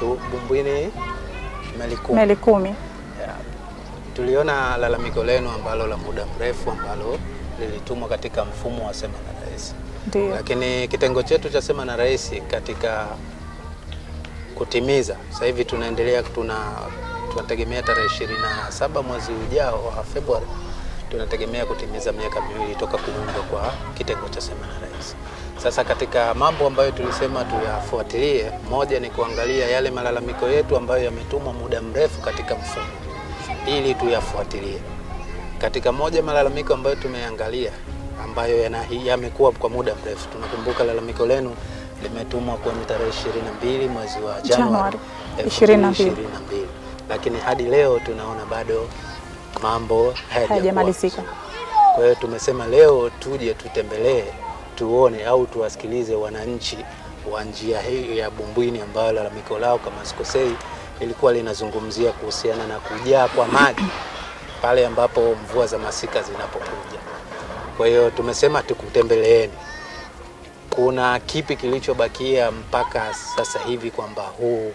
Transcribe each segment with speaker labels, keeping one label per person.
Speaker 1: Bumbwini meli kumi. Yeah. Tuliona lalamiko lenu ambalo la muda mrefu ambalo lilitumwa katika mfumo wa Sema na Rais. Ndiyo. Lakini kitengo chetu cha Sema na Rais katika kutimiza sasa hivi tunaendelea tuna tunategemea tarehe 27 mwezi ujao wa Februari tunategemea kutimiza miaka miwili toka kuundwa kwa kitengo cha Sema na Rais. Sasa katika mambo ambayo tulisema tuyafuatilie, moja ni kuangalia yale malalamiko yetu ambayo yametumwa muda mrefu katika mfumo ili tuyafuatilie. Katika moja malalamiko ambayo tumeangalia ambayo yamekuwa kwa muda mrefu, tunakumbuka lalamiko lenu limetumwa kwenye tarehe 22 mwezi wa Januari 2022 lakini hadi leo tunaona bado mambo hayajamalizika. Kwa hiyo tumesema leo tuje tutembelee tuone au tuwasikilize wananchi wa njia hiyo ya Bumbwini, ambayo lalamiko lao kama sikosei lilikuwa linazungumzia kuhusiana na kujaa kwa maji pale ambapo mvua za masika zinapokuja. Kwa hiyo tumesema tukutembeleeni, kuna kipi kilichobakia mpaka sasa hivi kwamba huu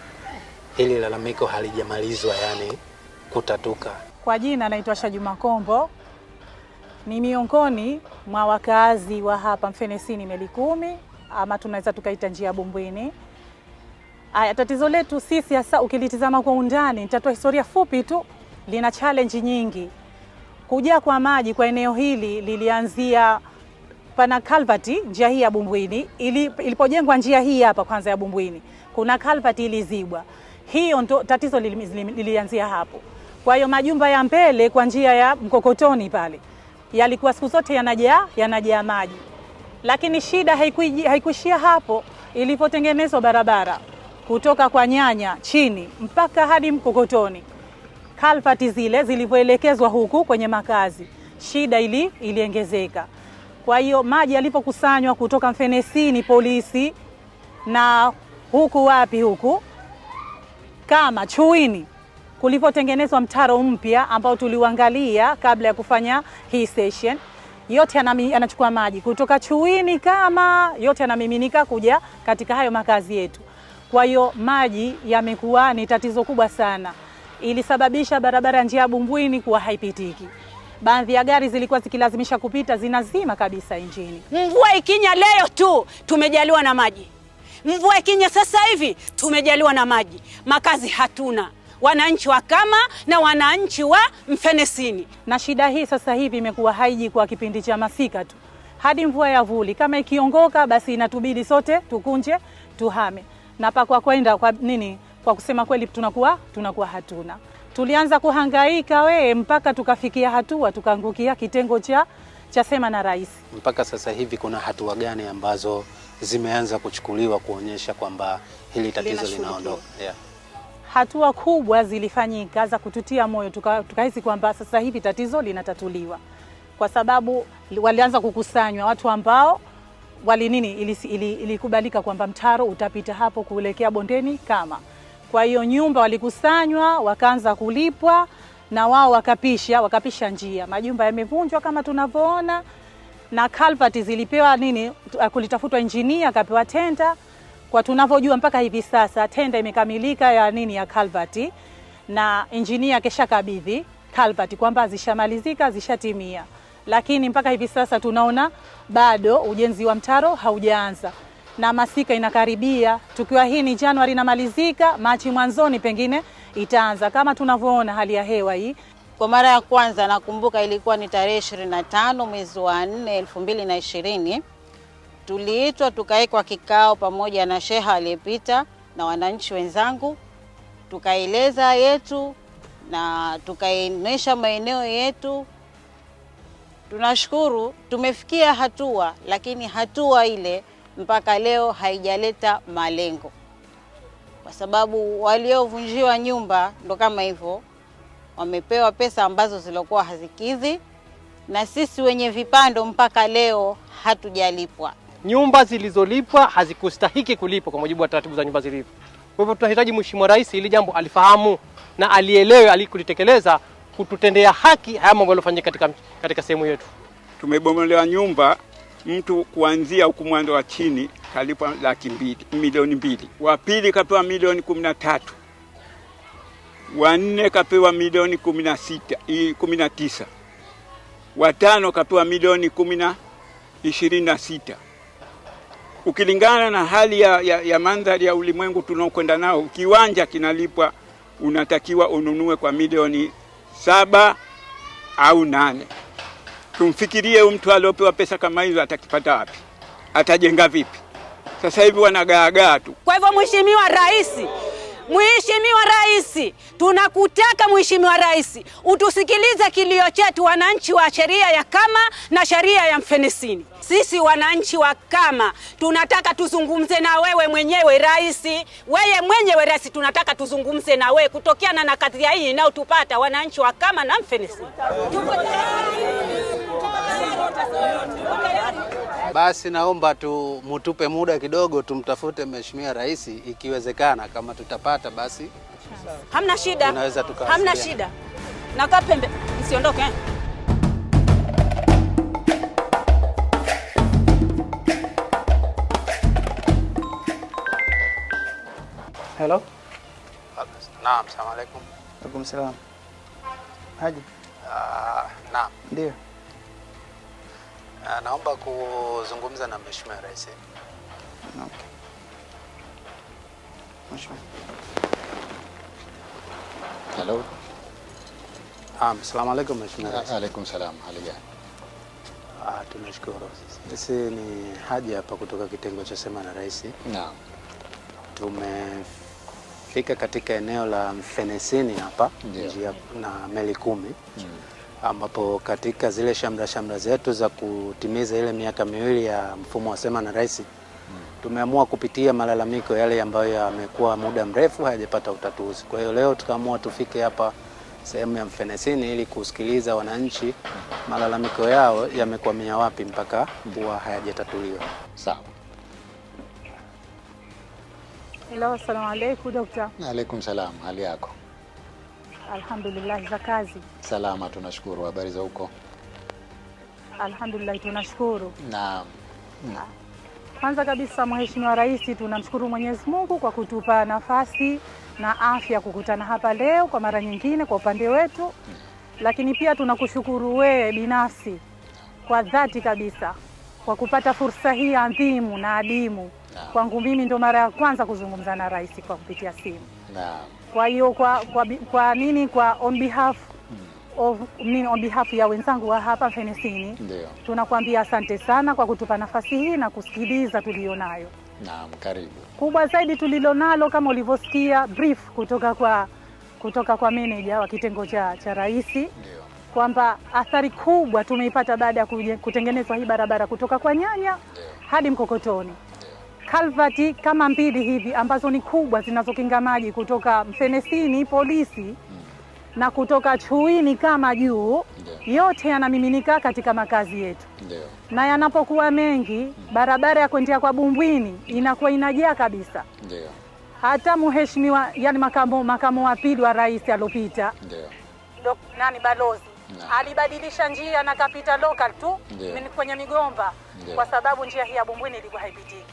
Speaker 1: hili lalamiko halijamalizwa, yani kutatuka?
Speaker 2: Kwa jina naitwa Shajuma Kombo, ni miongoni mwa wakazi wa hapa Mfenesini meli kumi, ama tunaweza tukaita njia Bumbwini. Aya, tatizo letu sisi hasa ukilitizama kwa undani, nitatoa historia fupi tu, lina challenge nyingi. Kujaa kwa maji kwa eneo hili lilianzia pana kalvati, njia hii ya Bumbwini ili, ilipojengwa njia hii hapa kwanza ya Bumbwini, kuna kalvati ilizibwa, hiyo ndo tatizo lilianzia hapo. Kwa hiyo majumba ya mbele kwa njia ya Mkokotoni pale yalikuwa siku zote yanajaa yanajaa maji, lakini shida haikuishia hapo. Ilipotengenezwa barabara kutoka kwa Nyanya chini mpaka hadi Mkokotoni, kalfati zile zilivyoelekezwa huku kwenye makazi, shida ili iliongezeka. Kwa hiyo maji yalipokusanywa kutoka Mfenesini, polisi na huku wapi huku kama Chuini kulipotengenezwa mtaro mpya ambao tuliuangalia kabla ya kufanya hii session, yote yanachukua maji kutoka chuini, kama yote yanamiminika kuja katika hayo makazi yetu. Kwa hiyo maji yamekuwa ni tatizo kubwa sana, ilisababisha barabara njia ya Bumbwini kuwa haipitiki. Baadhi ya gari zilikuwa zikilazimisha kupita zinazima kabisa injini.
Speaker 3: Mvua ikinya leo tu tumejaliwa na maji, mvua ikinya sasa hivi tumejaliwa na maji, makazi hatuna wananchi wa Kama na wananchi wa Mfenesini.
Speaker 2: Na shida hii sasa hivi imekuwa haiji kwa kipindi cha masika tu, hadi mvua ya vuli kama ikiongoka, basi inatubidi sote tukunje tuhame, na pakwa kwenda kwa nini? Kwa kusema kweli, tunakuwa tunakuwa hatuna. Tulianza kuhangaika we mpaka tukafikia hatua tukaangukia kitengo cha cha sema na rais.
Speaker 1: Mpaka sasa hivi kuna hatua gani ambazo zimeanza kuchukuliwa kuonyesha kwamba hili tatizo linaondoka? yeah
Speaker 2: hatua kubwa zilifanyika za kututia moyo, tukahisi tuka kwamba sasa hivi tatizo linatatuliwa, kwa sababu walianza kukusanywa watu ambao wali nini ilikubalika ili, ili kwamba mtaro utapita hapo kuelekea bondeni kama. Kwa hiyo nyumba walikusanywa, wakaanza kulipwa na wao wakapisha, wakapisha njia. Majumba yamevunjwa kama tunavyoona, na kalvati zilipewa nini, kulitafutwa injinia akapewa tenda kwa tunavyojua mpaka hivi sasa tenda imekamilika ya nini ya kalvati na injinia kesha kabidhi kalvati kwamba zishamalizika zishatimia, lakini mpaka hivi sasa tunaona bado ujenzi wa mtaro haujaanza na masika inakaribia. Tukiwa hii ni Januari inamalizika, Machi mwanzoni pengine itaanza, kama tunavyoona hali ya hewa hii.
Speaker 3: Kwa mara ya kwanza nakumbuka ilikuwa ni tarehe 25 mwezi wa 4 2020 tuliitwa tukawekwa kikao pamoja na sheha aliyepita na wananchi wenzangu, tukaeleza yetu na tukaonyesha maeneo yetu. Tunashukuru tumefikia hatua, lakini hatua ile mpaka leo haijaleta malengo, kwa sababu waliovunjiwa nyumba ndo kama hivyo, wamepewa pesa ambazo zilokuwa hazikidhi, na sisi wenye vipando mpaka leo hatujalipwa
Speaker 4: nyumba zilizolipwa hazikustahiki kulipwa kwa mujibu wa taratibu za nyumba zilivyo. Kwa hivyo tunahitaji Mheshimiwa Rais ili jambo alifahamu na alielewe alikulitekeleza kututendea haki haya mambo yaliyofanyika katika, katika sehemu yetu.
Speaker 5: Tumebomolewa nyumba mtu kuanzia huku mwanzo wa chini kalipwa laki mbili, milioni mbili, wa pili kapewa milioni kumi na tatu, wa nne kapewa milioni kumi na sita kumi na tisa, watano kapewa milioni kumi na ishirini na sita ukilingana na hali ya, ya, ya mandhari ya ulimwengu tunaokwenda nao. Kiwanja kinalipwa unatakiwa ununue kwa milioni saba au nane. Tumfikirie mtu aliopewa pesa kama hizo, atakipata wapi? Atajenga vipi? Sasa hivi wanagaagaa tu.
Speaker 3: Kwa hivyo, Mheshimiwa Rais Mheshimiwa Rais, tunakutaka Mheshimiwa Rais utusikilize kilio chetu wananchi wa sheria ya Kama na sheria ya Mfenesini. Sisi wananchi wa Kama tunataka tuzungumze na wewe mwenyewe rais, wewe mwenyewe rais, tunataka tuzungumze na wewe kutokeana na kadhia hii inayotupata wananchi wa Kama na Mfenesini.
Speaker 6: Basi naomba tu mutupe muda kidogo, tumtafute Mheshimiwa Rais, ikiwezekana kama tutapata basi.
Speaker 3: Hamna shida, Unaweza tukawasiliana. Hamna shida, nakaa pembe, msiondoke. Eh?
Speaker 1: Hello. Naam, salamu alaykum. Alaykum salaam. Haji. Ah, naam. Ndio. Ah, naomba kuzungumza na Mheshimiwa Rais. Okay. Mheshimiwa. Hello. Um, salamu alaikum Mheshimiwa Rais. Ah, alaikum salam. Hali gani? Ah, tunashukuru. Sisi ni Haji hapa kutoka kitengo cha Sema na Rais. Naam. Tumefika katika eneo la Mfenesini hapa, yeah. njia na meli kumi. Mm ambapo katika zile shamra shamra zetu za kutimiza ile miaka miwili ya mfumo wa Sema na Rais tumeamua kupitia malalamiko yale ambayo yamekuwa muda mrefu hayajapata utatuzi. Kwa hiyo leo tukaamua tufike hapa sehemu ya Mfenesini ili kusikiliza wananchi malalamiko yao yamekwamia wapi mpaka kuwa hayajatatuliwa. Sawa.
Speaker 2: Hello, asalamu alaykum daktari.
Speaker 1: Wa alaykum salam, hali yako?
Speaker 2: Alhamdulillah, za kazi
Speaker 1: salama, tunashukuru. Habari za huko?
Speaker 2: Alhamdulillah, tunashukuru.
Speaker 1: Naam. Naam.
Speaker 2: Ah. Kwanza kabisa Mheshimiwa Rais, tunamshukuru Mwenyezi Mungu kwa kutupa nafasi na afya kukutana hapa leo kwa mara nyingine kwa upande wetu Lakini pia tunakushukuru wewe binafsi kwa dhati kabisa kwa kupata fursa hii adhimu na adimu. Kwangu mimi ndo mara ya kwanza kuzungumza na rais kwa kupitia simu. Naam. Kwa hiyo kwa, kwa, kwa nini kwa on behalf of, mimi on behalf ya wenzangu wa hapa Mfenesini tunakuambia asante sana kwa kutupa nafasi hii na kusikiliza tulionayo.
Speaker 1: Naam, karibu.
Speaker 2: Kubwa zaidi tulilonalo kama ulivyosikia brief kutoka kwa kutoka kwa meneja wa kitengo cha, cha rais kwamba athari kubwa tumeipata baada ya kutengenezwa hii barabara kutoka kwa Nyanya Ndiyo. hadi Mkokotoni kalvati kama mbili hivi ambazo ni kubwa zinazokinga maji kutoka Mfenesini polisi mm. na kutoka Chuini kama juu, yote yanamiminika katika makazi yetu. Ndiyo. Na yanapokuwa mengi, mm. barabara ya kuendea kwa Bumbwini inakuwa inajaa kabisa. Ndiyo. Hata mheshimiwa, yani makamu, makamu wa pili wa rais alopita,
Speaker 7: nani balozi na, alibadilisha njia na kapita local tu kwenye migomba Ndiyo. kwa sababu njia hii ya Bumbwini ilikuwa haipitiki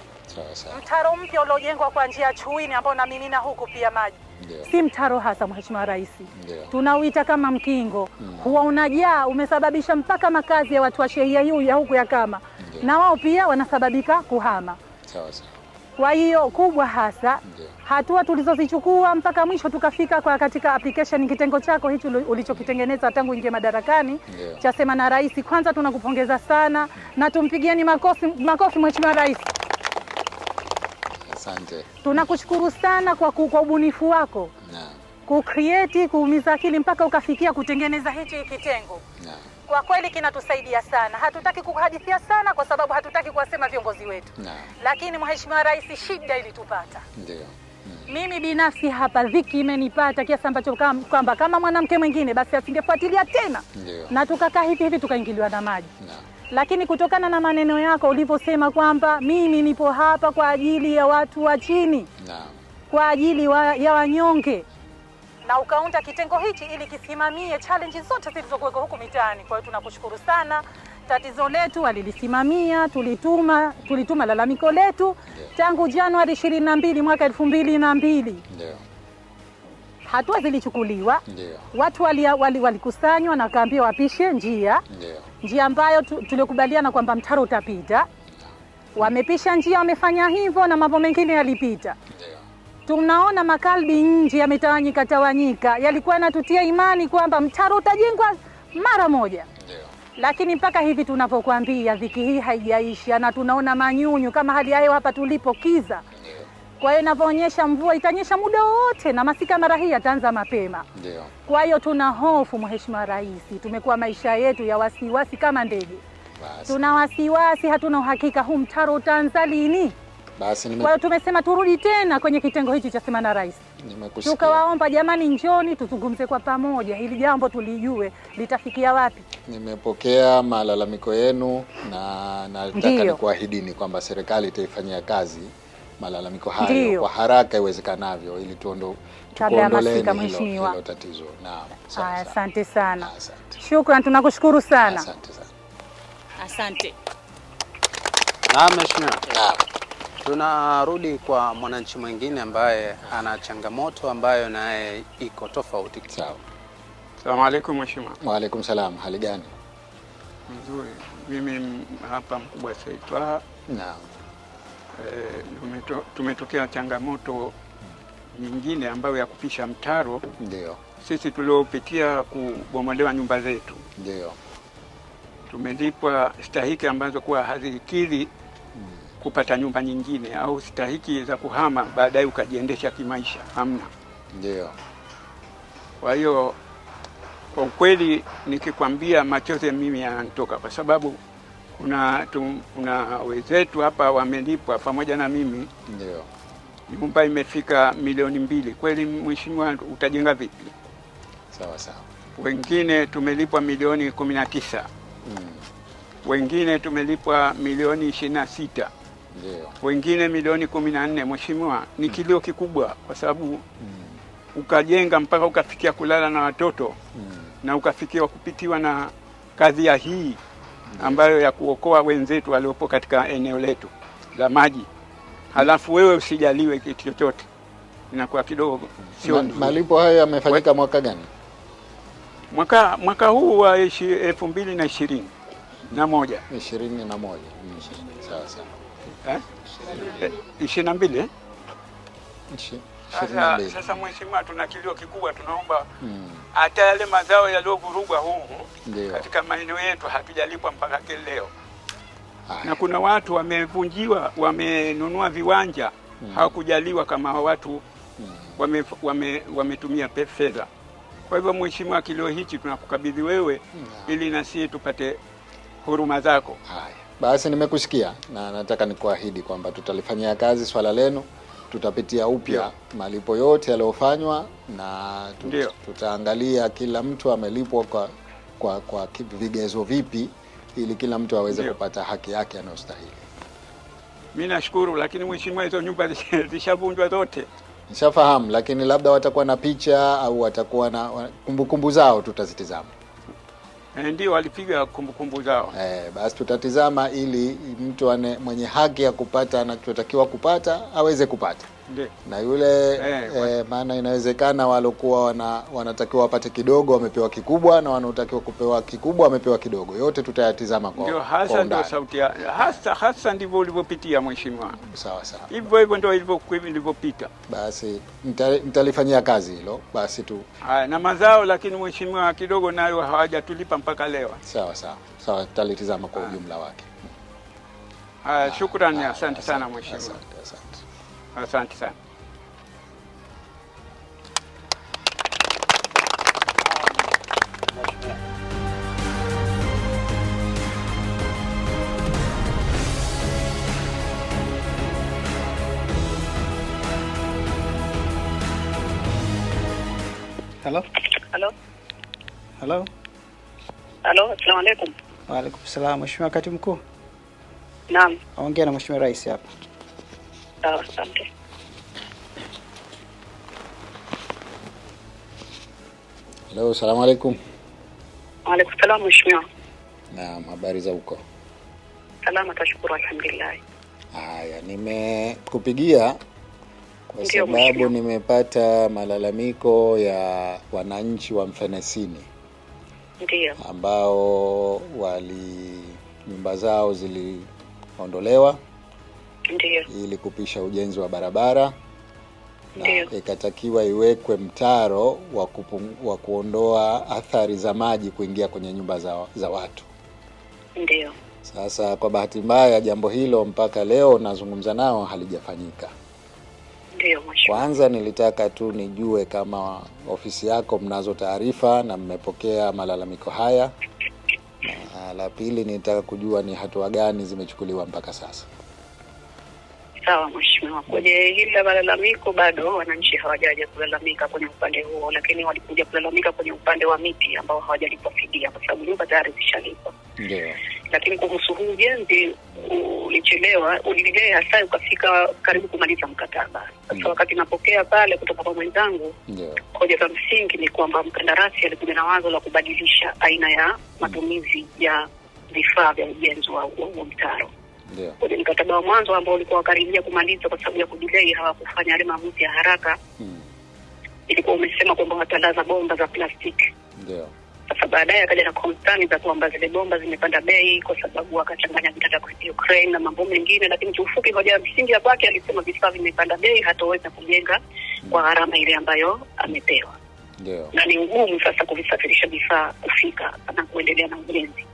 Speaker 7: mtaro mpya uliojengwa kwa njia Chuini ambao unamimina huku pia maji
Speaker 2: yeah. si mtaro hasa Mheshimiwa Rais, tunauita kama mkingo mm. huwa unajaa, umesababisha mpaka makazi ya watu wa shehia hiyo ya huku ya kama yeah. na wao pia wanasababika kuhama sawa sawa. Kwa hiyo kubwa hasa yeah. hatua tulizozichukua mpaka mwisho tukafika kwa katika application kitengo chako hicho ulichokitengeneza tangu ingie madarakani Deo. chasema na rais, kwanza tunakupongeza sana mm. na tumpigieni makofi, makofi Mheshimiwa Rais. Asante. Tunakushukuru sana kwa kwa ubunifu wako na kucreate kuumiza akili mpaka ukafikia kutengeneza hichi kitengo na. Kwa kweli kinatusaidia sana, hatutaki kuhadithia sana kwa sababu hatutaki kuwasema viongozi wetu na. Lakini Mheshimiwa Rais, shida ilitupata ndio. Mm. Mimi binafsi hapa dhiki imenipata kiasi ambacho kwamba kama mwanamke mwingine basi asingefuatilia tena na tukakaa hivi hivi tukaingiliwa na maji lakini kutokana na maneno yako ulivyosema kwamba mimi nipo hapa kwa ajili ya watu wa chini na kwa ajili wa, ya wanyonge na ukaunda kitengo hichi ili kisimamie challenge zote zilizokuwekwa huku mitaani. Kwa hiyo tunakushukuru sana. Tatizo letu walilisimamia, tulituma tulituma lalamiko letu tangu Januari 22 mwaka na mbili hatua zilichukuliwa. Ndiyo. Watu walikusanywa wali, wali na wakaambia wapishe njia. Ndiyo njia ambayo tulikubaliana kwamba mtaro utapita. Wamepisha njia, wamefanya hivyo na mambo mengine yalipita. Tunaona makalbi nje yametawanyika tawanyika, yalikuwa yanatutia imani kwamba mtaro utajengwa mara moja, lakini mpaka hivi tunavyokuambia, dhiki hii haijaisha, na tunaona manyunyu kama hali ya hewa hapa tulipo Kiza kwa hiyo inavyoonyesha mvua itanyesha muda wote, na masika mara hii yataanza mapema. Ndio. Kwa hiyo tuna hofu, Mheshimiwa Rais, tumekuwa maisha yetu ya wasiwasi kama ndege, tuna wasiwasi, hatuna uhakika huu mtaro utaanza lini. Basi nime... kwa hiyo tumesema turudi tena kwenye kitengo hichi cha Sema na Rais, tukawaomba jamani, njoni tuzungumze kwa pamoja, hili jambo tulijue litafikia wapi.
Speaker 1: Nimepokea malalamiko yenu na nataka nikuahidini kwamba serikali itaifanyia kazi malalamiko hayo kwa haraka iwezekanavyo ili tuondo
Speaker 2: kabla ya masika. Mheshimiwa, tatizo asante sana, shukran, tunakushukuru sana,
Speaker 1: asante sana. Asante. Naam, Mheshimiwa, Naam. tunarudi kwa mwananchi mwingine ambaye ana changamoto ambayo naye iko tofauti.
Speaker 8: Sawa. Asalamu alaykum Mheshimiwa.
Speaker 1: Wa alaykum salaam. hali gani?
Speaker 8: Mzuri. Mimi hapa mkubwa Saitwa. Naam. Eh, tumetokea changamoto nyingine ambayo ya kupisha mtaro. Ndio sisi tuliopitia kubomolewa nyumba zetu, ndio tumelipwa stahiki ambazo kuwa hazikidhi hmm. kupata nyumba nyingine au stahiki za kuhama baadaye ukajiendesha kimaisha,
Speaker 1: hamna. Ndio.
Speaker 8: Kwa hiyo kwa ukweli nikikwambia, machozi mimi yanatoka kwa sababu kuna, kuna wenzetu hapa wamelipwa pamoja na mimi ndio nyumba imefika milioni mbili. Kweli mheshimiwa, utajenga vipi? sawa sawa. Wengine tumelipwa milioni kumi na tisa mm. wengine tumelipwa milioni ishirini na sita wengine milioni kumi na nne Mheshimiwa, ni mm. kilio kikubwa kwa sababu mm. ukajenga mpaka ukafikia kulala na watoto mm. na ukafikia kupitiwa na kadhia hii ambayo ya kuokoa wenzetu waliopo katika eneo letu la maji, halafu wewe usijaliwe kitu chochote, inakuwa kidogo
Speaker 1: sio. Malipo hayo yamefanyika mwaka gani?
Speaker 8: Mwaka, mwaka huu wa elfu mbili na ishirini na moja
Speaker 1: ishirini na moja mm, Sawa sawa, eh?
Speaker 8: Eh, ishirini na mbili eh? Sasa, sasa mheshimiwa, tuna kilio kikubwa, tunaomba hmm. hata mm. yale mazao yaliyovurugwa huku katika maeneo yetu hatujalipwa mpaka leo, na kuna watu wamevunjiwa, wamenunua viwanja mm. hawakujaliwa kama watu mm. wametumia wame, fedha. Kwa hivyo mheshimiwa, kilio hichi tunakukabidhi wewe mm. ili nasi tupate huruma zako. Haya
Speaker 1: basi, nimekusikia na nataka nikuahidi kwamba tutalifanyia kazi swala lenu tutapitia upya malipo yote yaliyofanywa na tut, tutaangalia kila mtu amelipwa kwa, kwa, kwa vigezo vipi ili kila mtu aweze kupata haki yake anayostahili.
Speaker 8: Mimi nashukuru, lakini mheshimiwa, hizo nyumba zishavunjwa zote
Speaker 1: nishafahamu, lakini labda watakuwa na picha au watakuwa na kumbukumbu kumbu zao tutazitizama.
Speaker 8: Eh, ndio walipiga kumbukumbu zao.
Speaker 1: Eh, basi tutatizama ili mtu ane, mwenye haki ya kupata anachotakiwa kupata aweze kupata na yule hey, eh, eh maana inawezekana walokuwa wana, wanatakiwa wapate kidogo wamepewa kikubwa na wanaotakiwa kupewa kikubwa wamepewa kidogo. Yote tutayatizama
Speaker 8: kwa ndio hasa ndio sauti ya hasa hasa ndivyo ulivyopitia mheshimiwa. Sawa sawa, hivyo hivyo ndio ilivyopita.
Speaker 1: Basi nitalifanyia kazi hilo basi tu
Speaker 8: ha, ah, na mazao lakini mheshimiwa, kidogo nayo hawajatulipa mpaka leo.
Speaker 1: Sawa sawa sawa, tutalitizama kwa ah. ujumla wake.
Speaker 8: Haya, ah, shukrani, asante sana mheshimiwa. Asante sana.
Speaker 1: Hello? Hello? Hello?
Speaker 9: halo, asalamu alaykum.
Speaker 1: Waalaikum salam. Mheshimiwa Katibu Mkuu. Naam, aongea na Mheshimiwa Rais hapa
Speaker 9: gusta bastante.
Speaker 1: Hello, salamu alaikum.
Speaker 9: Waalaikum salam mheshimiwa.
Speaker 1: Naam, habari za huko?
Speaker 9: Salama, tashukuru alhamdulillah.
Speaker 1: Haya, nimekupigia kwa sababu nimepata malalamiko ya wananchi wa Mfenesini Ndiyo. ambao wali nyumba zao ziliondolewa Ndiyo. ili kupisha ujenzi wa barabara na ikatakiwa iwekwe mtaro wa, wa kuondoa athari za maji kuingia kwenye nyumba za, za watu. Ndiyo. Sasa kwa bahati mbaya jambo hilo mpaka leo nazungumza nao halijafanyika. Ndiyo, Kwanza nilitaka tu nijue kama ofisi yako mnazo taarifa na mmepokea malalamiko haya, na la pili nilitaka kujua ni hatua gani zimechukuliwa mpaka sasa.
Speaker 9: Sawa mheshimiwa, kwenye hili la malalamiko bado wananchi hawajaja kulalamika kwenye upande huo, lakini walikuja kulalamika kwenye upande wa miti ambao hawajalipwa fidia kwa sababu nyumba tayari zishalipwa. Yeah. Lakini kuhusu huu ujenzi ulichelewa, ulilee hasa ukafika karibu kumaliza mkataba. Sasa wakati napokea pale kutoka kwa mwenzangu, yeah. hoja za msingi ni kwamba mkandarasi alikuja na wazo la kubadilisha aina ya matumizi ya vifaa vya ujenzi wa huo mtaro kwenye mkataba wa mwanzo ambao ulikuwa wakaribia kumaliza kwa sababu ya kudilei hawakufanya yale maamuzi ya haraka hmm. ilikuwa umesema kwamba watalaza bomba za plastiki Sasa baadaye akaja na konstani za kwamba zile bomba zimepanda bei kwa sababu akachanganya vitata vya Ukraine na mambo mengine, lakini kiufupi, hoja ya msingi ya kwake alisema vifaa vimepanda bei, hataweza kujenga kwa gharama ile ambayo amepewa. Deo. na ni ngumu sasa kuvisafirisha vifaa kufika na kuendelea na ujenzi.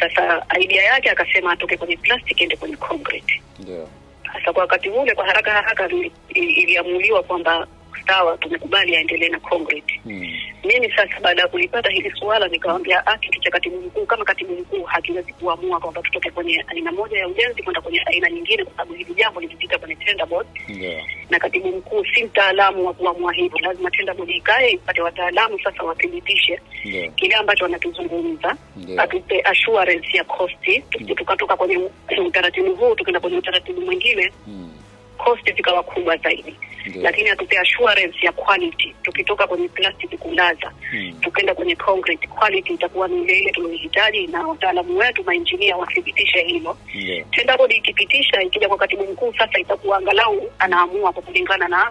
Speaker 9: Sasa idea yake akasema atoke kwenye plastic ende kwenye concrete. yeah. Sasa kwa wakati ule kwa haraka haraka iliamuliwa kwamba sawa, tumekubali aendelee na concrete. Hmm. Mimi sasa baada ya kulipata hili suala nikawambia ah, kitu cha katibu mkuu kama katibu mkuu hakiwezi kuamua kwamba tutoke kwenye aina moja ya ujenzi kwenda kwenye aina nyingine, kwa sababu hili jambo lilipita kwenye tender board yeah. Na katibu mkuu si mtaalamu wa kuamua hivyo, lazima tender board ikae ipate wataalamu sasa wathibitishe yeah. kile ambacho wanakizungumza yeah. atupe assurance ya kosti mm. tukatoka kwenye utaratibu huu tukenda kwenye utaratibu mwingine mm cost zikawa kubwa zaidi Deo. Lakini atupea assurance ya quality. Tukitoka kwenye plastic kulaza, hmm. tukenda kwenye concrete, quality itakuwa ni ile ile tunayohitaji, na wataalamu wetu mainjinia wathibitisha hilo. Tenda bodi ikipitisha, ikija kwa katibu mkuu, sasa itakuwa angalau anaamua kwa kulingana na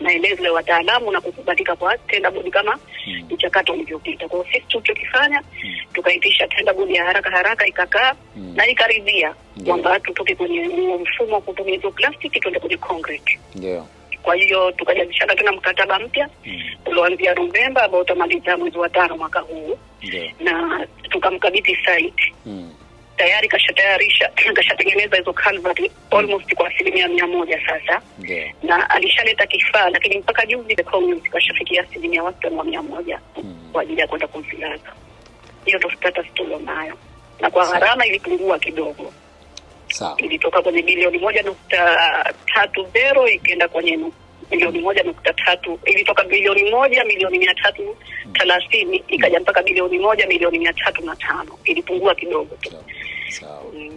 Speaker 9: maelezo mm. ya wataalamu na kukubalika kwa tenda bodi kama mm. mchakato ulivyopita. Kwa hiyo sisi tulichokifanya mm. tukaitisha tenda bodi ya haraka haraka ikakaa mm. na ikaridhia kwamba yeah. tutoke kwenye mfumo wa kutumia hizo plastiki tuende kwenye concrete yeah. Kwa hiyo tukajadilishana tena mkataba mpya mm. ulioanzia Novemba ambao utamaliza mwezi wa tano mwaka huu yeah. na tukamkabidhi site mm tayari kashatayarisha kashatengeneza hizo culvert almost kwa asilimia mia moja sasa yeah. na alishaleta kifaa, lakini mpaka juzi kashafikia asilimia wastani wa mia moja mm. kwa ajili ya kwenda kumfilaza hiyo tostata stulo nayo na kwa gharama ilipungua kidogo Ilitoka kwenye bilioni moja nukta tatu zero ikienda kwenye milioni moja nukta tatu ilitoka bilioni moja milioni mia tatu thelathini ikaja mpaka bilioni moja milioni mia tatu na tano ilipungua kidogo tu. Sawa. Mm.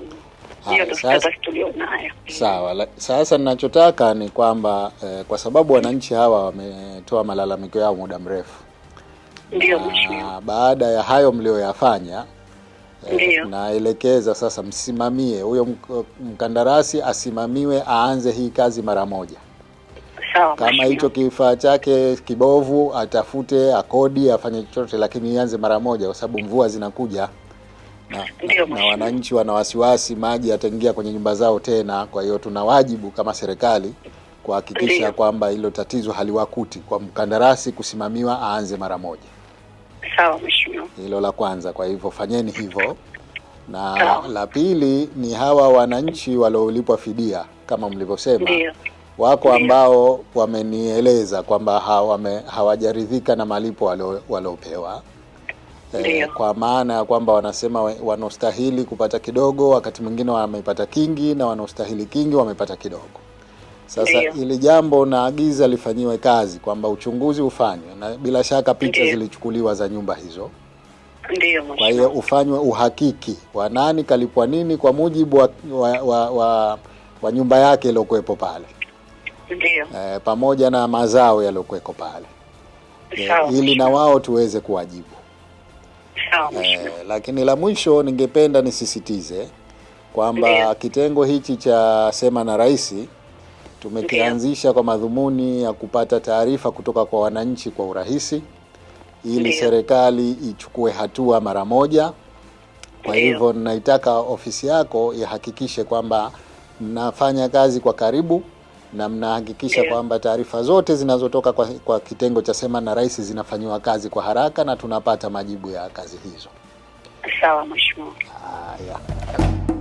Speaker 1: Sasa ninachotaka ni kwamba eh, kwa sababu wananchi hawa wametoa malalamiko yao muda mrefu, baada ya hayo mlioyafanya Eh, naelekeza sasa msimamie huyo mkandarasi asimamiwe aanze hii kazi mara moja sawa. Kama hicho kifaa chake kibovu, atafute akodi, afanye chochote, lakini ianze mara moja, kwa sababu mvua zinakuja na, na, na wananchi wana wasiwasi maji yataingia kwenye nyumba zao tena. Kwa hiyo tuna wajibu kama serikali kuhakikisha kwamba hilo tatizo haliwakuti, kwa mkandarasi kusimamiwa aanze mara moja.
Speaker 9: Sawa mheshimiwa,
Speaker 1: hilo la kwanza. Kwa hivyo fanyeni hivyo, na sawa. La pili ni hawa wananchi waliolipwa fidia kama mlivyosema wako ambao wamenieleza kwamba hawajaridhika na malipo waliopewa e, eh, kwa maana ya kwamba wanasema wanaostahili kupata kidogo wakati mwingine wamepata kingi na wanaostahili kingi wamepata kidogo. Sasa hili jambo naagiza lifanyiwe kazi kwamba uchunguzi ufanywe, na bila shaka picha zilichukuliwa za nyumba hizo. Ndiyo, kwa hiyo ufanywe uhakiki wa nani kalipwa nini kwa mujibu wa, wa, wa, wa, wa nyumba yake iliokuwepo pale. Ndiyo. E, eh, pamoja na mazao yaliyokuweko pale e, ili na wao tuweze kuwajibu e, lakini la mwisho ningependa nisisitize kwamba kitengo hichi cha Sema na Rais tumekianzisha kwa madhumuni ya kupata taarifa kutoka kwa wananchi kwa urahisi ili serikali ichukue hatua mara moja. Kwa hivyo ninaitaka ofisi yako ihakikishe kwamba mnafanya kazi kwa karibu na mnahakikisha kwamba taarifa zote zinazotoka kwa, kwa kitengo cha Sema na Rais zinafanyiwa kazi kwa haraka na tunapata majibu ya kazi hizo.
Speaker 9: Sawa mheshimiwa. yeah.